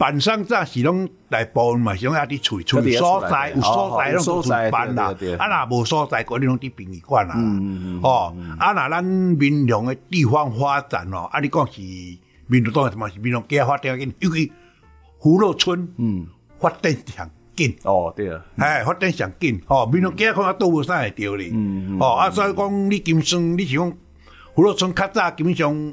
民生真係時大部，是時講佇厝村村有所在，有所在都做辦啦。啊若無所在嗰啲，攏佇殯儀館啦。嗯嗯嗯，哦。啊若咱民雄誒地方發展哦，啊你是民雄族是毋是民雄街發展較緊？尤其福樂村嗯發展上緊哦，對啊，誒，發展上緊哦，民雄街可能都無啥會嚟。嗯嗯。哦，啊所以講你今生你想福樂村較早，基本上。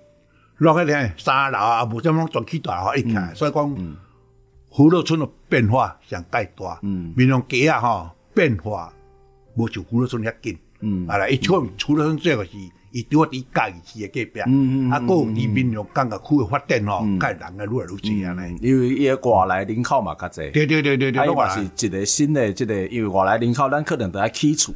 落去聽三樓啊，無什麼長期大吼，一起。所以講，葫蘆村的變化上大，嗯，民雄街啊吼變化，無像葫蘆村遐緊，嗯，啊啦，一出出了最個是，伊對家己界市隔壁，嗯，嗯，啊，有個民雄各個區嘅發展吼，蓋人嘅愈來愈濟安尼。因為伊誒外來人口嘛較濟，對對對對對，啊，也是一個新誒一個因為外來人口，咱可能在起厝。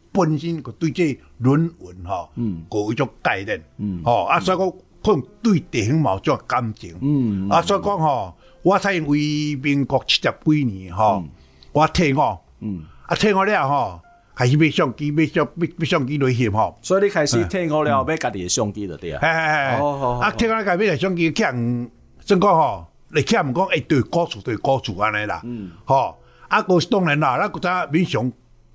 本身就對這論文哈，有一種概念，吼啊，所以講，可能對弟兄冇種感情，啊，所以講吼，我喺因為民國七十幾年吼，我退伍嗯，啊退伍了吼，開始買相機，買相機，買相機旅行吼，所以你開始退伍了，買家己的相機就對啊，嘿好好，啊，退伍買咩嘢相機強？曾哥吼，你強唔講？哎，對，高處，對高處安尼啦，嗯，吼，啊，嗰當然啦，那個只英雄。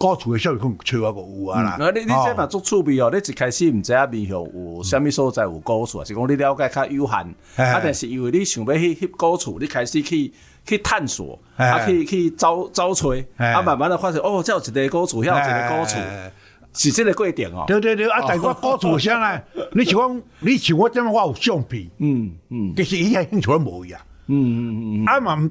古厝嘅收入咁吹啊個有啊！嗱，你你即嘛做趣味哦，你一開始唔知啊面條有什麼所在有古厝啊？是講你了解較有限，啊但是因為你想要去去古厝，你開始去去探索，啊去去走走吹，啊慢慢就發現哦，即有一個古厝，有一個古厝，時時都固定哦。對對對，啊但係個古厝先啦，你講你講點樣話有相片？嗯嗯，其實依家興趣冇呀。嗯嗯嗯嗯，啱啱。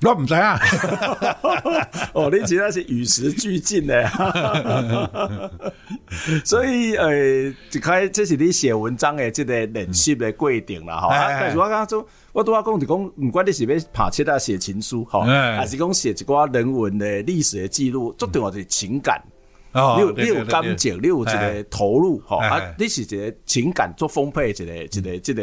我唔啊！哦，你知咧是與時俱進咧，所以誒，一開始係你寫文章嘅，即係練習嘅過程啦，吓。但我剛我都話講就講，唔管你是要拍七啊寫情書，吓，還是講寫一啲人文嘅歷史嘅記錄，最重要就係情感，有有感情，有即個投入，啊，你是個情感做豐沛，這個這個這個。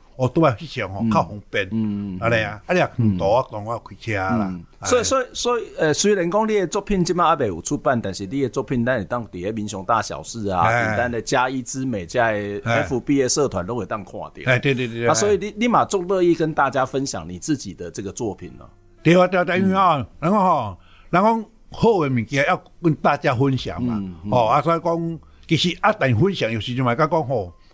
我都會去上行靠紅，嗯，阿你啊，阿你唔多，當我開車啦。所以所以所以，呃，雖然講你的作品今晚阿未有出版，但是你的作品咧當啲嘅民雄大小事啊，簡單的嘉義之美，在 F B A 社團都可以當看啲。對對對對。啊，所以你，立馬就樂意跟大家分享你自己的這個作品咯。對，啊屌，因為啊，人講人講好嘅物件要跟大家分享嘛。哦，阿所以講，其實一旦分享，有時就咪咁講嗬。